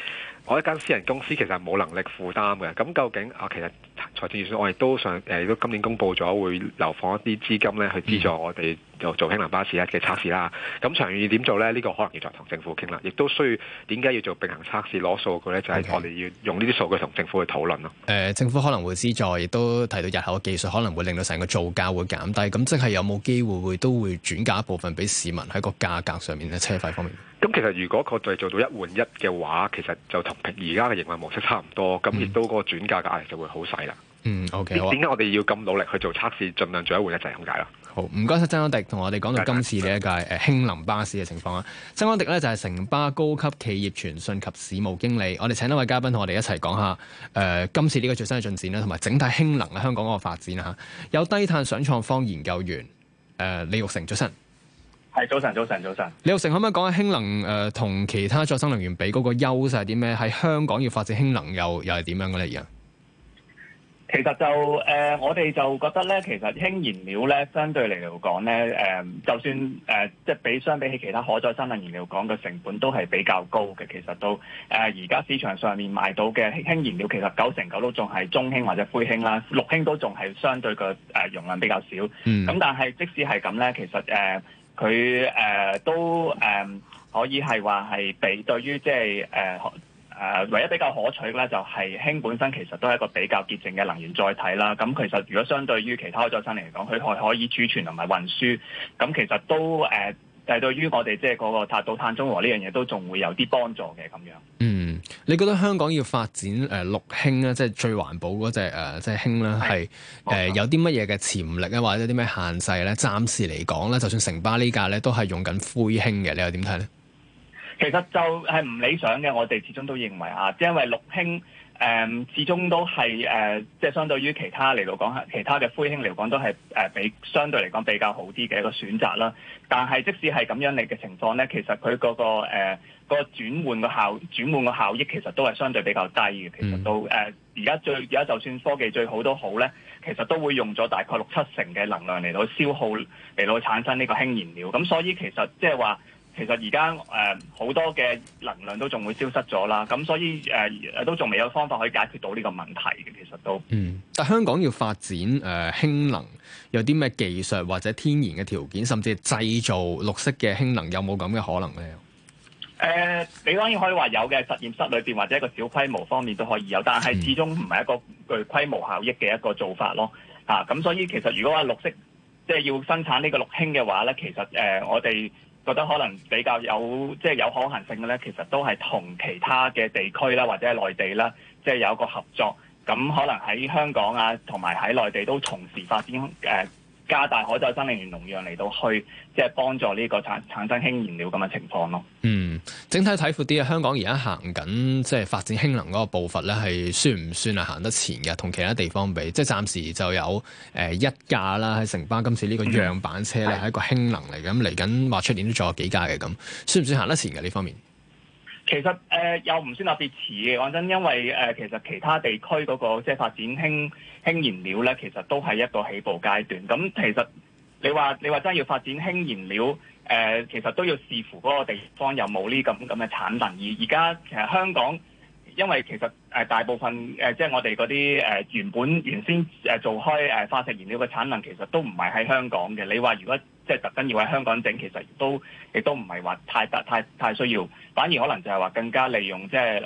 我一間私人公司其實冇能力負擔嘅，咁究竟啊，其實財政預算我亦都想誒、呃，都今年公布咗會流放一啲資金咧去資助我哋做做氫能巴士一嘅測試啦。咁長遠點做咧？呢、這個可能要再同政府傾啦。亦都需要點解要做並行測試攞數據咧？就係、是、我哋要用呢啲數據同政府去討論咯。誒、okay. 呃，政府可能會資助，亦都提到日後嘅技術可能會令到成個造價會減低。咁即係有冇機會會都會轉嫁一部分俾市民喺個價格上面咧，車費方面？咁其實如果佢再做到一換一嘅話，其實就同而家嘅營運模式差唔多，咁亦都嗰個轉嫁嘅壓力就會好細啦。嗯，OK，點解我哋要咁努力去做測試，盡量做一換一，就係咁解啦。好，唔該晒，曾安迪同我哋講到今次呢一屆誒氫能巴士嘅情況啦。曾安迪呢，就係城巴高級企業傳訊及事務經理。我哋請一位嘉賓同我哋一齊講下誒今次呢個最新嘅進展啦，同埋整體氫能喺香港嗰個發展嚇。有低碳想創坊研究員誒、呃、李玉成出身。係早晨，早晨，早晨。李有成，可唔可以講下氫能誒，同、呃、其他再生能源比嗰個優勢係點咩？喺香港要發展氫能又又係點樣嘅咧？而家其實就誒、呃，我哋就覺得咧，其實氫燃料咧，相對嚟講咧，誒、呃，就算誒、呃、即係比相比起其他可再生能源燃料講嘅成本都係比較高嘅。其實都誒、而、呃、家市場上面賣到嘅氫燃料，其實九成九都仲係中氫或者灰氫啦，綠氫都仲係相對個誒、呃、容量比較少。咁、嗯、但係即使係咁咧，其實誒。呃佢誒、呃、都誒、呃、可以係話係比對於即係誒誒唯一比較可取嘅咧，就係氫本身其實都係一個比較潔淨嘅能源載體啦。咁其實如果相對於其他可再生嚟講，佢可可以儲存同埋運輸，咁其實都誒。呃但、就、係、是、對於我哋即係嗰個達到碳中和呢樣嘢都仲會有啲幫助嘅咁樣。嗯，你覺得香港要發展誒、呃、綠氫啊，即係最環保嗰隻誒即係氫咧，係誒、嗯呃嗯、有啲乜嘢嘅潛力啊，或者啲咩限制咧？暫時嚟講咧，就算城巴呢架咧都係用緊灰氫嘅，你又點睇咧？其實就係唔理想嘅，我哋始終都認為啊，因為綠氫。誒、um，始終都係誒，即係相對於其他嚟到講，其他嘅灰氫嚟講，都係誒，比相對嚟講比較好啲嘅一個選擇啦。但係即使係咁樣嚟嘅情況咧，其實佢嗰、那個誒、呃這個轉換個效轉換個效益其實都係相對比較低嘅。其實都誒，而、呃、家最而家就算科技最好都好咧，其實都會用咗大概六七成嘅能量嚟到消耗嚟到產生呢個氫燃料。咁、嗯、所以其實即係話。其實而家誒好多嘅能量都仲會消失咗啦，咁所以誒、呃、都仲未有方法可以解決到呢個問題嘅，其實都。嗯，但香港要發展誒氫、呃、能有啲咩技術或者天然嘅條件，甚至製造綠色嘅氫能有冇咁嘅可能咧？誒、呃，你當然可以話有嘅，實驗室裏邊或者一個小規模方面都可以有，但係始終唔係一個具規模效益嘅一個做法咯。啊，咁所以其實如果話綠色即係、就是、要生產呢個綠氫嘅話咧，其實誒、呃、我哋。覺得可能比較有即係、就是、有可行性嘅咧，其實都係同其他嘅地區啦，或者係內地啦，即、就、係、是、有一個合作。咁可能喺香港啊，同埋喺內地都同時發展誒，呃加大海藻新能源農藥嚟到去，即係幫助呢個產產生氫燃料咁嘅情況咯。嗯，整體睇闊啲啊，香港而家行緊即係發展氫能嗰個步伐咧，係算唔算係行得前嘅？同其他地方比，即係暫時就有誒一架啦，喺城巴今次呢個樣板車咧係一個氫能嚟，咁嚟緊話出年都仲有幾架嘅咁，算唔算行得前嘅呢方面？其實誒、呃、又唔算特別遲嘅，講真，因為誒、呃、其實其他地區嗰、那個即係、就是、發展輕輕燃料咧，其實都係一個起步階段。咁其實你話你話真係要發展輕燃料誒、呃，其實都要視乎嗰個地方有冇呢咁咁嘅產能。而而家其實香港因為其實誒、呃、大部分誒即係我哋嗰啲誒原本原先誒做開誒化石燃料嘅產能，其實都唔係喺香港嘅。你話如果，即係特登要喺香港整，其實都亦都唔係話太太太需要，反而可能就係話更加利用即係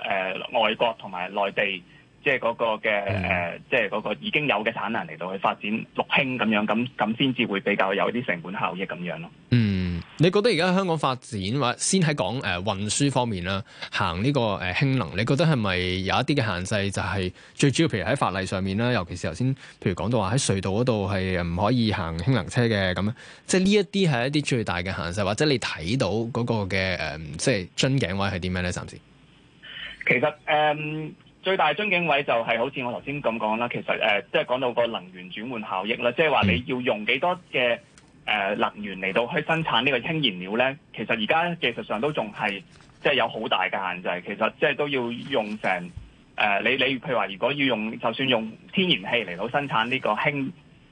誒外國同埋內地。即係嗰個嘅誒、嗯，即係嗰個已經有嘅產能嚟到去發展綠氫咁樣，咁咁先至會比較有啲成本效益咁樣咯。嗯，你覺得而家香港發展話先喺講誒運輸方面啦，行呢個誒氫能，你覺得係咪有一啲嘅限制、就係？就係最主要，譬如喺法例上面啦，尤其是頭先，譬如講到話喺隧道嗰度係唔可以行氫能車嘅咁樣。即係呢一啲係一啲最大嘅限制，或者你睇到嗰個嘅誒，即係樽頸位係點樣咧？暫時，其實誒。嗯最大樽頸位就係、是、好似我頭先咁講啦，其實誒、呃，即係講到個能源轉換效益啦，即係話你要用幾多嘅誒、呃、能源嚟到去生產呢個氫燃料咧，其實而家技術上都仲係即係有好大嘅限制，其實即係都要用成誒、呃、你你譬如話，如果要用就算用天然氣嚟到生產呢個氫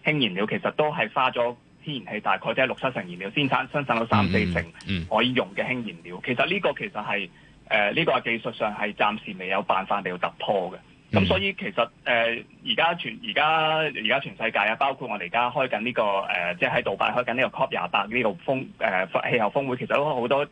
氫燃料，其實都係花咗天然氣大概即係六七成燃料先產生產到三四成可以用嘅氫燃料，嗯嗯、其實呢個其實係。誒、呃、呢、這個技術上係暫時未有辦法嚟到突破嘅，咁所以其實誒而家全而家而家全世界啊，包括我哋而家開緊呢、這個誒，即係喺杜拜開緊呢個 COP 廿八呢個風誒、呃、氣候峰會，其實都好多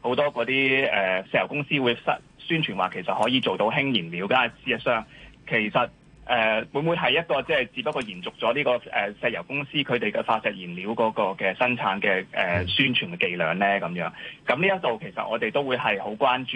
好多嗰啲誒石油公司會宣宣傳話其實可以做到輕燃料，但係事實上其實。誒、呃、會唔會係一個即係只不過延續咗呢、這個誒、呃、石油公司佢哋嘅化石燃料嗰個嘅生產嘅誒、呃、宣傳嘅伎倆咧咁樣？咁呢一度其實我哋都會係好關注，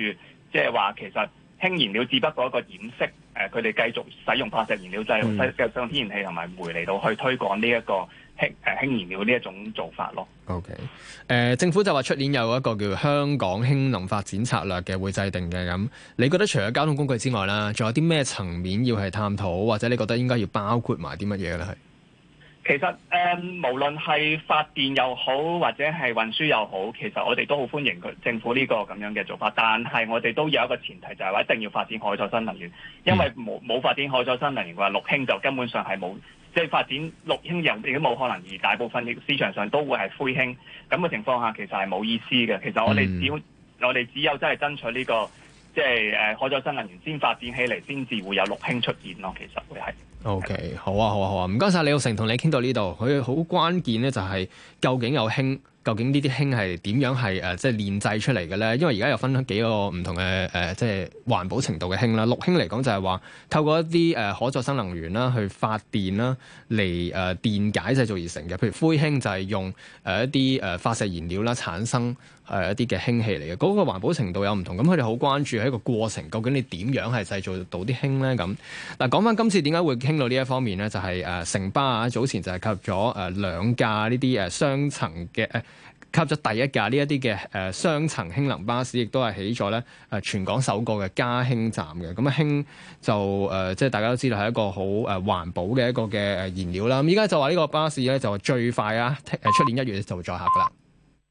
即係話其實輕燃料只不過一個掩飾，誒佢哋繼續使用化石燃料製路，繼續使用天然氣同埋煤嚟到去推廣呢、這、一個。氫誒、氫燃料呢一種做法咯。O K，誒，政府就話出年有一個叫香港氫能發展策略嘅會制定嘅。咁，你覺得除咗交通工具之外啦，仲有啲咩層面要係探討，或者你覺得應該要包括埋啲乜嘢咧？係其實誒、呃，無論係發電又好，或者係運輸又好，其實我哋都好歡迎佢政府呢個咁樣嘅做法。但係我哋都有一個前提，就係、是、話一定要發展可再生能源，因為冇冇發展可再生能源嘅話，綠氫就根本上係冇。即係發展綠氫又亦都冇可能，而大部分市場上都會係灰氫咁嘅情況下，其實係冇意思嘅。其實我哋只要我哋只有真係爭取呢、這個即係誒可再生能源先發展起嚟，先至會有綠氫出現咯。其實會係 OK，好啊，好啊，好啊。唔該晒，李耀成同你傾到呢度，佢好關鍵咧，就係究竟有氫。究竟呢啲氫係點樣係誒即係煉製出嚟嘅咧？因為而家有分了幾個唔同嘅誒，即係環保程度嘅氫啦。綠氫嚟講就係話透過一啲誒可再生能源啦，去發電啦，嚟誒電解製造而成嘅。譬如灰氫就係用誒一啲誒化石燃料啦，產生。係一啲嘅氫氣嚟嘅，嗰、那個環保程度有唔同。咁佢哋好關注喺一個過程，究竟你點樣係製造到啲氫咧？咁嗱，講翻今次點解會傾到呢一方面咧，就係、是、誒、呃、城巴啊，早前就係吸咗誒兩架呢啲誒雙層嘅吸咗第一架呢一啲嘅誒雙層氫能巴士，亦都係起咗咧全港首個嘅加氫站嘅。咁、呃、啊，氫就即係大家都知道係一個好誒環保嘅一個嘅燃料啦。咁而家就話呢個巴士咧就最快啊出年一月就會再客㗎啦。